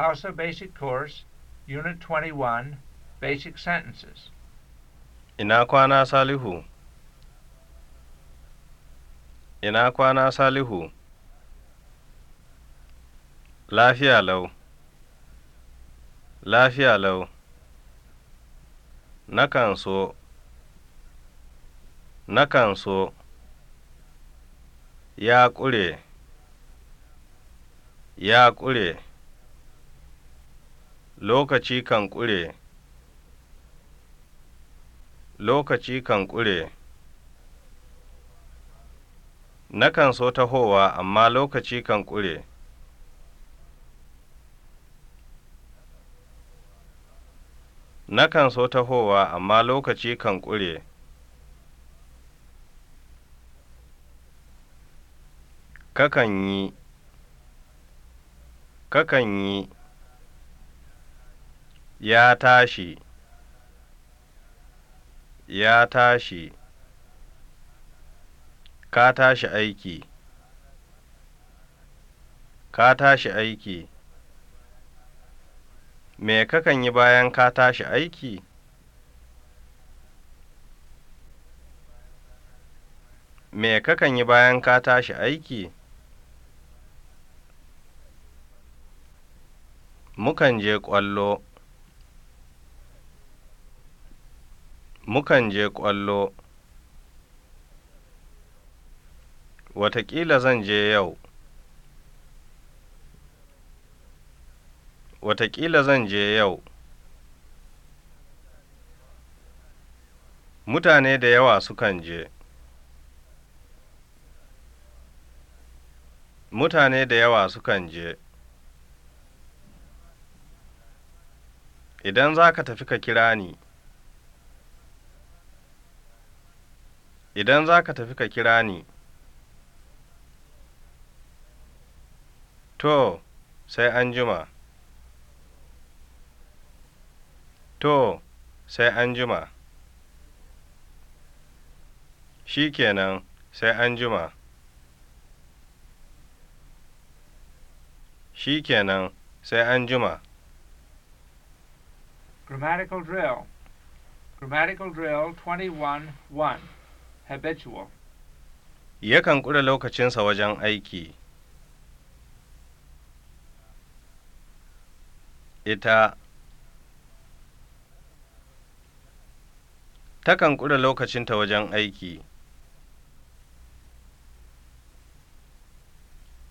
Also, Basic Course, Unit 21, Basic Sentences. Ina kwana Salihu. Ina kwana Salihu. Lafiya lau. Lafiya lau. Nakan so. Nakan so. Ya ƙure. Ya ƙure. Lokaci kan ƙure, lokaci kan ƙure. Nakan so tahowa amma lokaci kan ƙure. Nakan so tahowa amma lokaci kan ƙure. Kakan yi, kakan yi. ya tashi ya tashi ka tashi aiki ka tashi aiki me kakan yi bayan ka tashi aiki me kakan yi bayan ka tashi aiki mukan je ƙwallo Mukan je ƙwallo. Wataƙila zan je yau. Wataƙila zan je yau. Mutane da yawa sukan je. Mutane da yawa sukan je. Idan za ka tafi ka kira ni. Idan za ka tafi ka kira ni. To, sai an jima. To, sai an jima. Shi kenan, sai an jima. Shi kenan, sai an jima. Grammatical drill. Grammatical drill 21 1. habitual yakan ƙure lokacinsa wajen aiki ita takan ƙure lokacinta wajen aiki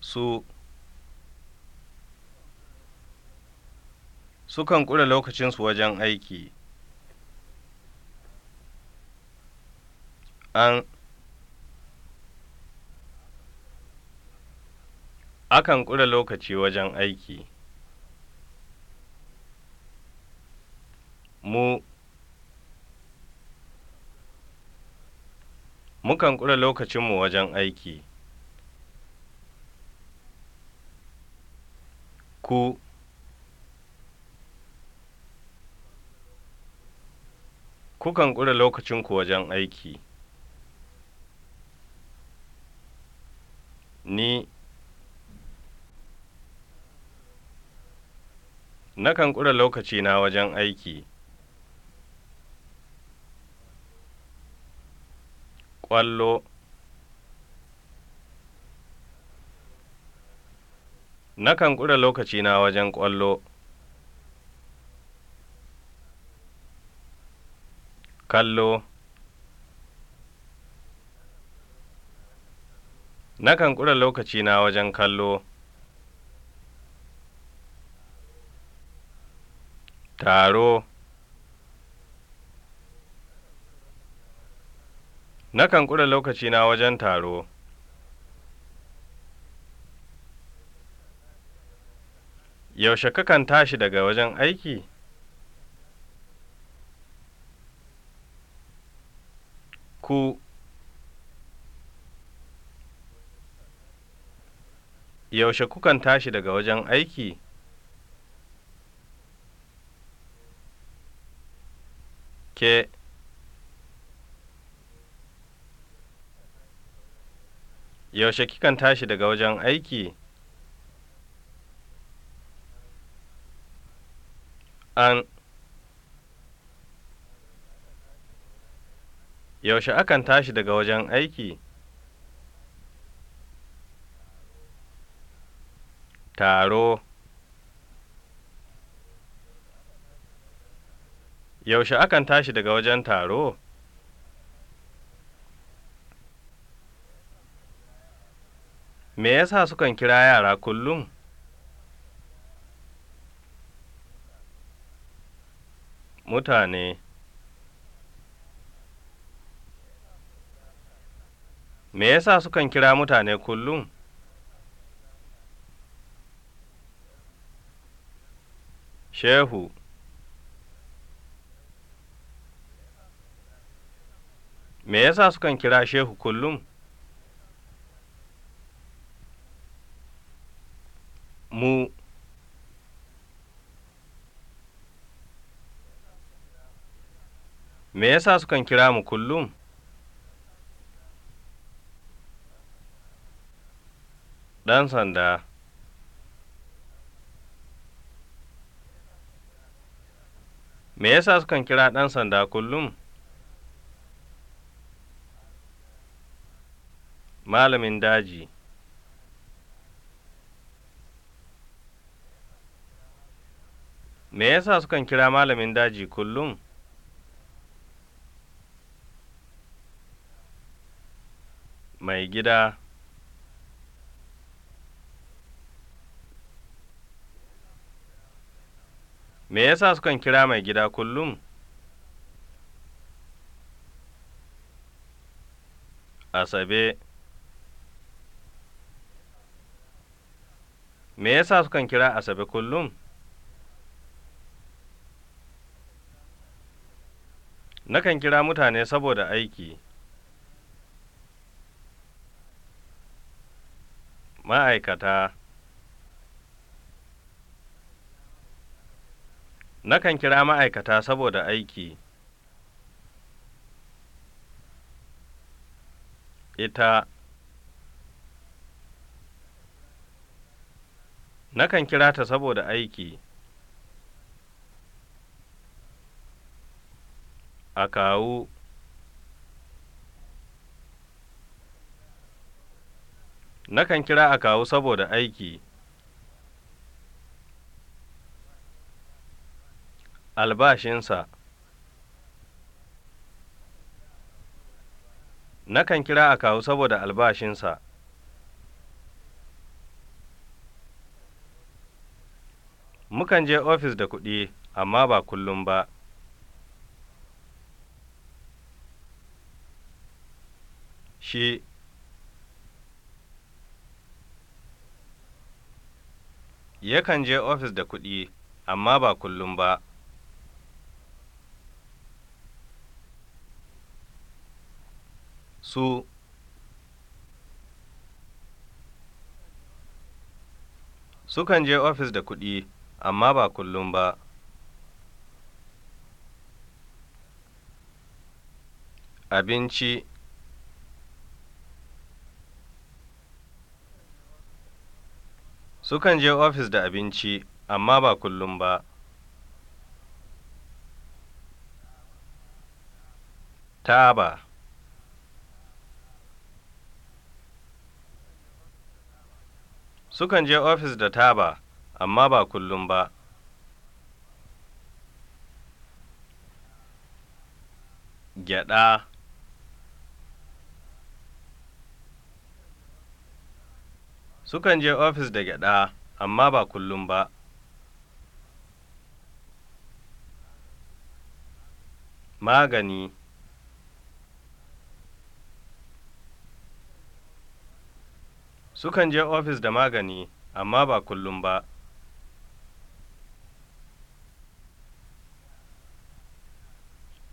su sukan ƙure lokacinsu wajen aiki An akan ƙure lokaci wajen aiki, mu mukan ƙure lokacinmu wajen aiki, ku kukan ƙure lokacinku wajen aiki. ni nakan ƙura lokacina wajen aiki ƙwallo nakan ƙura lokacina wajen ƙwallo kallo Nakan ƙura lokacina wajen kallo. Taro Nakan ƙura lokacina wajen taro. Yaushe kakan tashi daga wajen aiki? Ku Yaushe kukan tashi daga wajen aiki? Ke Yaushe kikan tashi daga wajen aiki? An Yaushe akan tashi daga wajen aiki? taro yaushe akan tashi daga wajen taro me yasa sukan kira yara kullum mutane me yasa sukan kira mutane kullum Shehu Me yasa sukan kira Shehu kullum? Mu Me yasa sukan kira mu kullum? Ɗan sanda me yasa sukan kira ɗan sanda kullum malamin daji me yasa sukan kira malamin daji kullum mai gida Me yasa sukan kira mai gida kullum? Asabe Me yasa sukan kira Asabe kullum? Nakan kira mutane saboda aiki. Ma'aikata Nakan kira ma'aikata saboda aiki. Ita Nakan kira ta saboda aiki. A kawu Nakan kira a kawu saboda aiki. albashinsa Nakan kira a kawo saboda albashinsa. Mukan je ofis da kuɗi, amma ba kullum ba. Shi Yakan je ofis da kuɗi, amma ba kullum ba. su sukan je ofis da kuɗi amma ba kullum ba abinci sukan je ofis da abinci amma ba kullum ba taba Sukan je ofis da taba, amma ba kullum ba. Gyaɗa Sukan je ofis da gyaɗa, amma ba kullum ba. Magani Sukan je ofis da magani, amma ba kullum ba.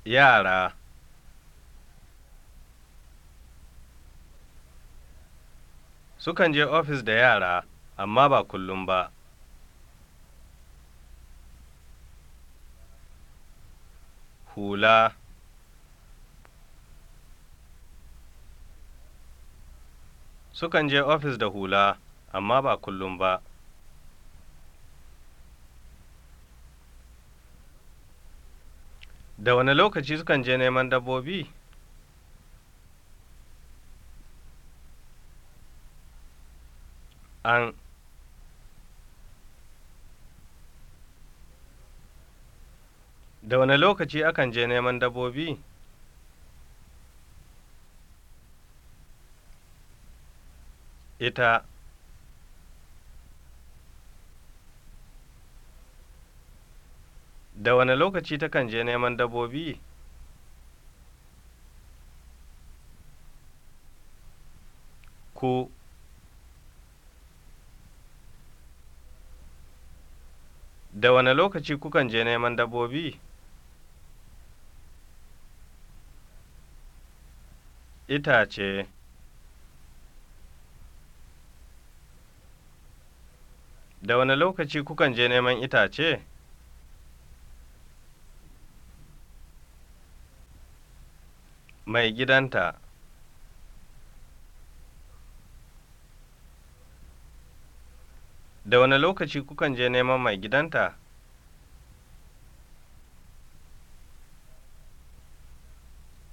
Yara Sukan je ofis da yara, amma ba kullum ba. Hula Sukan je ofis da hula, amma ba kullum ba. Da wani lokaci sukan je neman dabbobi? An Da wani lokaci akan je neman dabbobi? ita da wane lokaci takan je neman dabbobi ku da wane lokaci kukan je neman dabbobi ce. Da wani lokaci kukan je neman itace? Mai gidanta Da wani lokaci kukan je neman mai gidanta?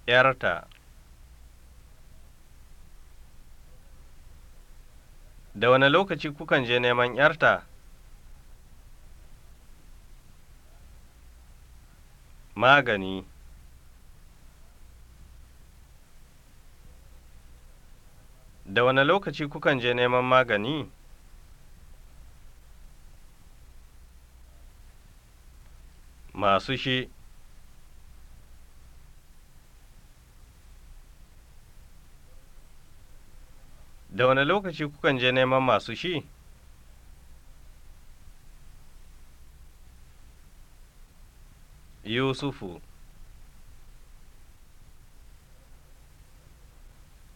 ‘Yarta Da wane lokaci kukan je neman ‘yarta? Magani Da wane lokaci kukan je neman magani? Masu shi da wane lokaci kukan je neman masu shi yusufu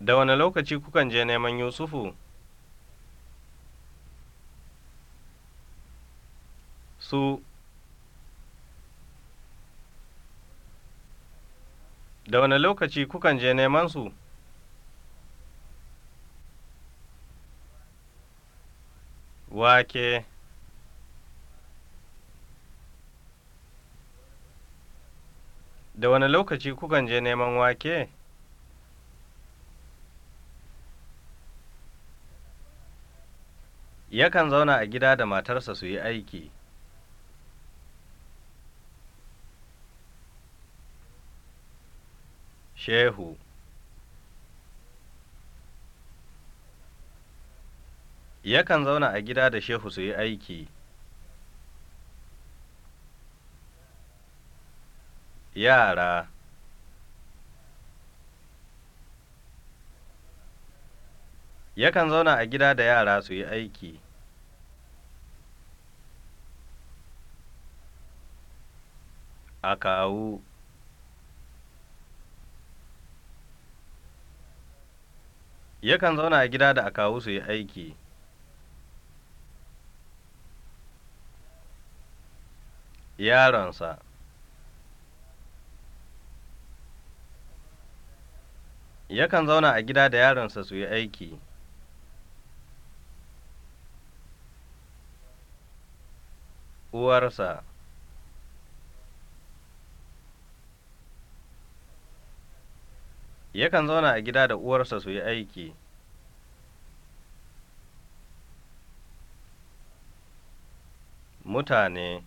da wane lokaci kukan je neman yusufu su da wane lokaci kukan je neman su wake da wani lokaci kukan je neman wake yakan zauna a gida da matarsa su yi aiki shehu yakan zauna a gida da shehu su yi aiki yara yakan zauna a gida da yara su yi aiki a kawo yakan zauna a gida da akawu su yi aiki yaronsa yakan zauna a gida da yaronsa su yi aiki uwarsa yakan zauna a gida da uwarsa su yi aiki mutane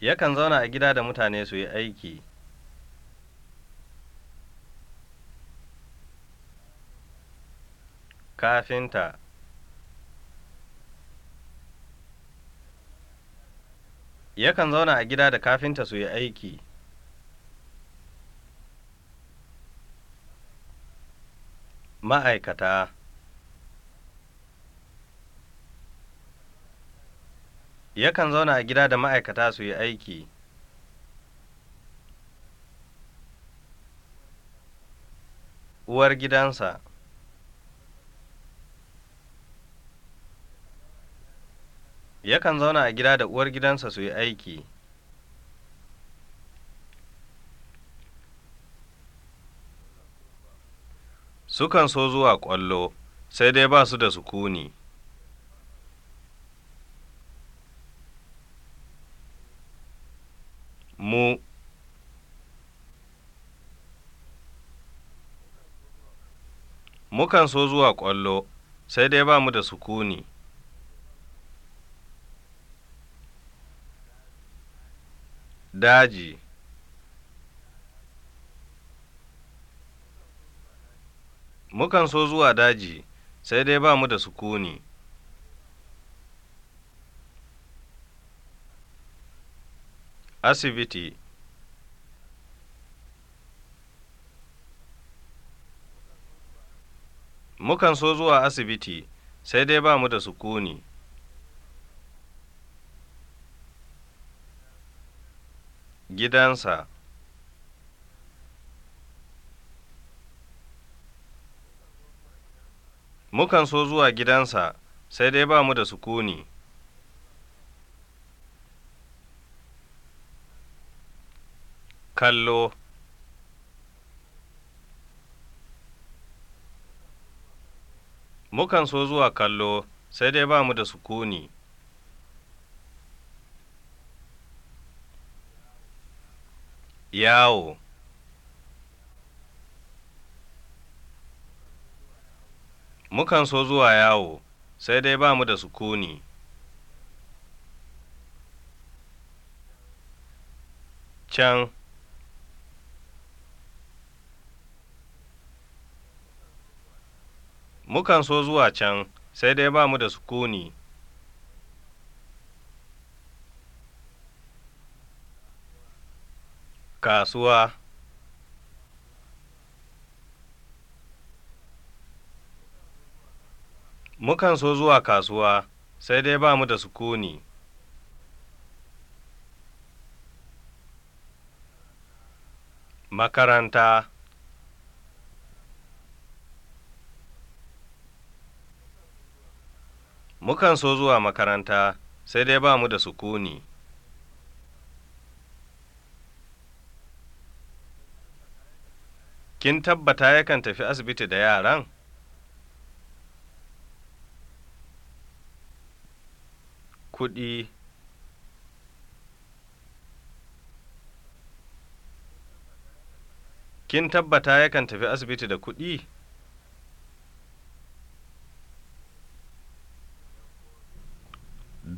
yakan zauna a gida da mutane su yi aiki kafinta yakan zauna a gida da kafinta su yi aiki ma'aikata Yakan zauna a gida da ma'aikata su yi aiki. Uwar gidansa. yakan zauna a gida da uwar gidansa su yi aiki sukan so zuwa ƙwallo sai dai ba su da sukuni Mukan so zuwa ƙwallo, sai dai ba mu da sukuni. Daji Mukan so zuwa daji, sai dai ba mu da sukuni. Asibiti mukan so zuwa asibiti sai dai ba mu da sukuni gidansa mukan so zuwa gidansa sai dai ba mu da sukuni kallo mukan so zuwa kallo sai dai ba mu da sukuni yawo mukan so zuwa yawo sai dai ba mu da sukuni can Mukan so zuwa can, sai dai ba mu da sukuni. Kasuwa Mukan so zuwa kasuwa, sai dai ba mu da sukuni. Makaranta mukan so zuwa makaranta sai dai ba mu da sukuni kin tabbata yakan tafi asibiti da yaran kuɗi kin tabbata yakan tafi asibiti da kuɗi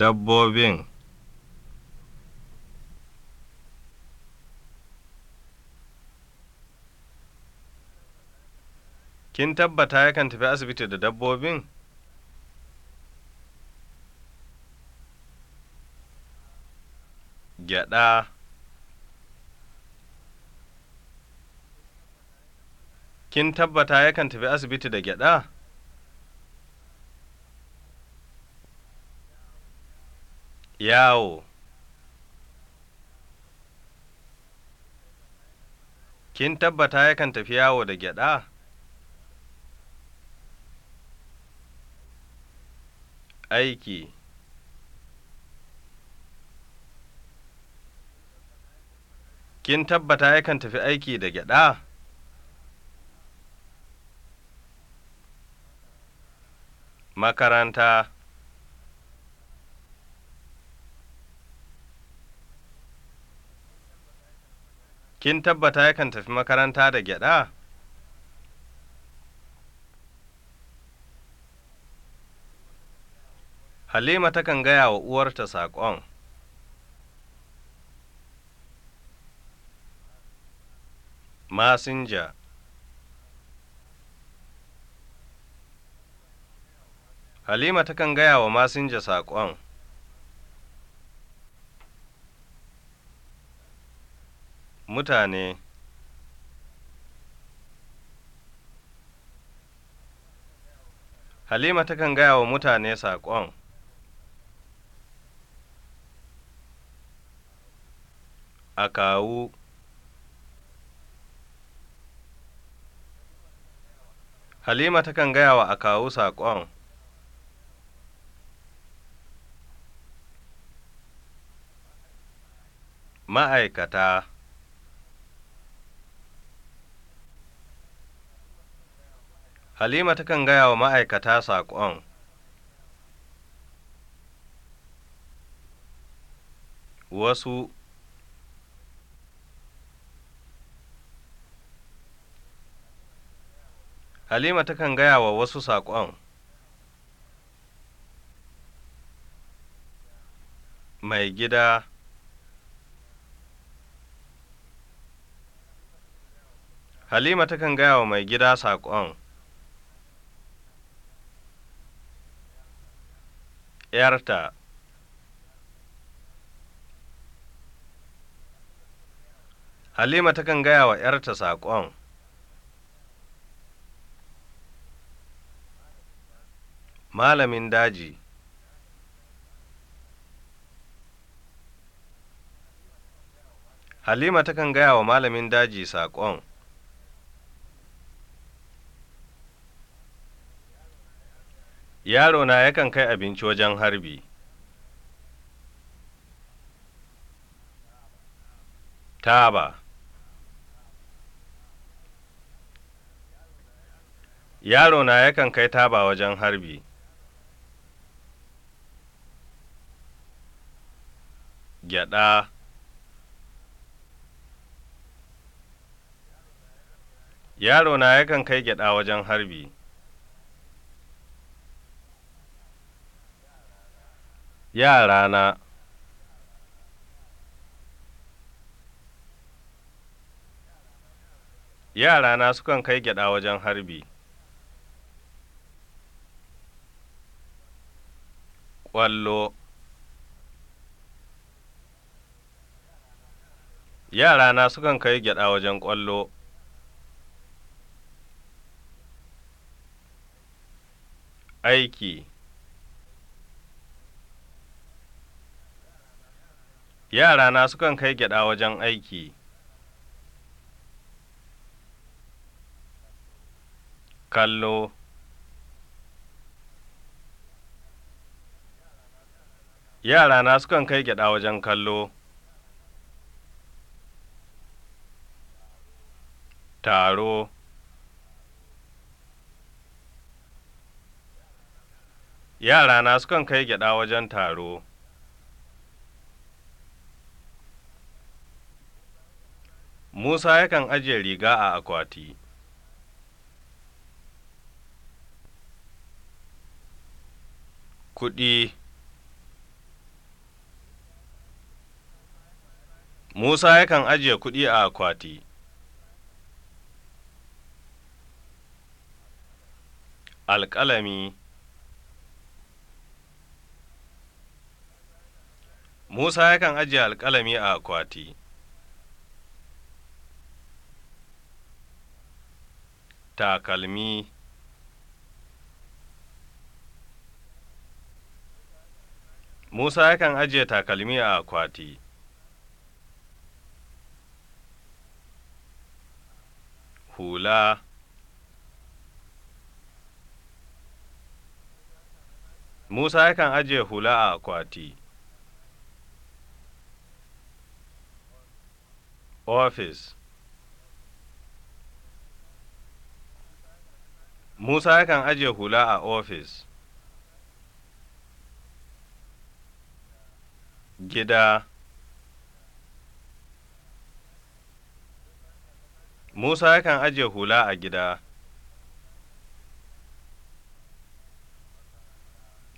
dabbobin kin tabbata yakan tafi asibiti da dabbobin gyaɗa kin tabbata yakan tafi asibiti da gyada? yawo kin tabbata yakan tafi yawo da gyaɗa aiki kin tabbata yakan tafi aiki da gyaɗa makaranta Kin tabbata yakan tafi makaranta da gyada? Halima takan gaya wa uwarta saƙon. Masinja Halima takan gaya wa masinja saƙon. mutane halima takan gaya wa mutane saƙon a kawo halima takan gaya wa a kawo saƙon ma'aikata Halima takan gaya wa ma'aikata saƙon. Wasu Halima takan gaya wa wasu saƙon. Mai gida Halima takan gaya wa mai gida saƙon. 'yarta halima takan gaya wa 'yarta saƙon malamin daji halima takan gaya wa malamin daji saƙon yarona yakan kai abinci wajen harbi taba yarona yakan kai taba wajen harbi gyada yarona yakan kai gyada wajen harbi yarana yarana sukan kai gyada wajen harbi ƙwallo yarana sukan kai gyada wajen ƙwallo aiki Yarana sukan kai gyaɗa wajen aiki. Kallo Yarana sukan kai gyaɗa wajen kallo. Taro Yarana sukan kai gyaɗa wajen taro. Musa yakan ajiye riga a akwati. Kuɗi Musa yakan ajiye kuɗi a akwati. Alƙalami Musa yakan ajiye alƙalami a akwati. takalmi Musa yakan ajiye takalmi a akwati. Hula Musa yakan ajiye hula a akwati. Office Musa yakan ajiye hula a ofis. Gida Musa yakan ajiye hula a gida.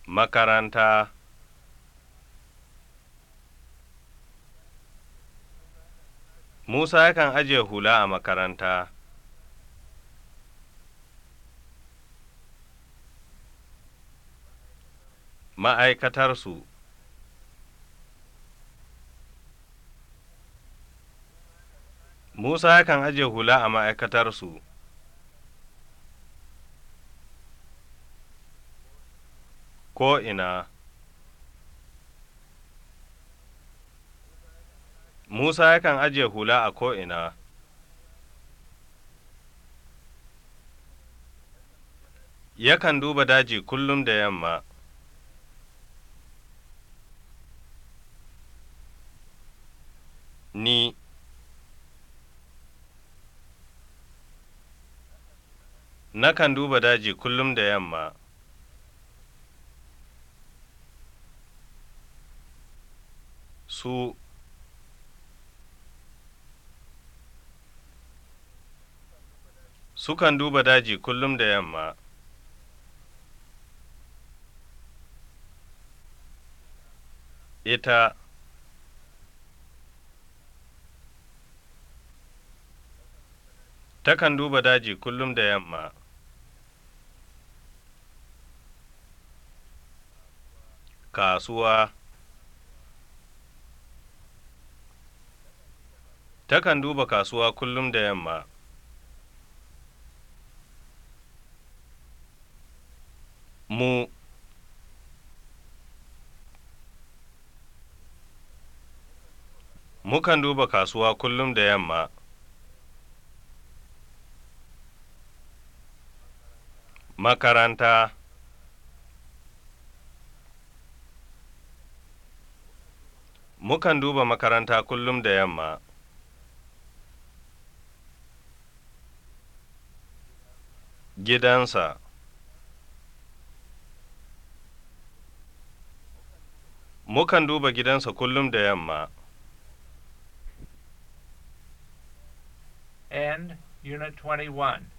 Makaranta Musa yakan ajiye hula a makaranta. ma'aikatarsu Musa yakan ajiye hula a ma'aikatarsu. ina. Musa yakan ajiye hula a ko ina. Yakan duba daji kullum da yamma. ni nakan duba daji kullum da yamma su sukan duba daji kullum da yamma ita Takan duba daji kullum da yamma. Kasuwa Takan duba kasuwa kullum da yamma. Mu Mukan duba kasuwa kullum da yamma. makaranta mukan duba makaranta kullum da yamma gidansa mukan duba gidansa kullum da yamma and unit 21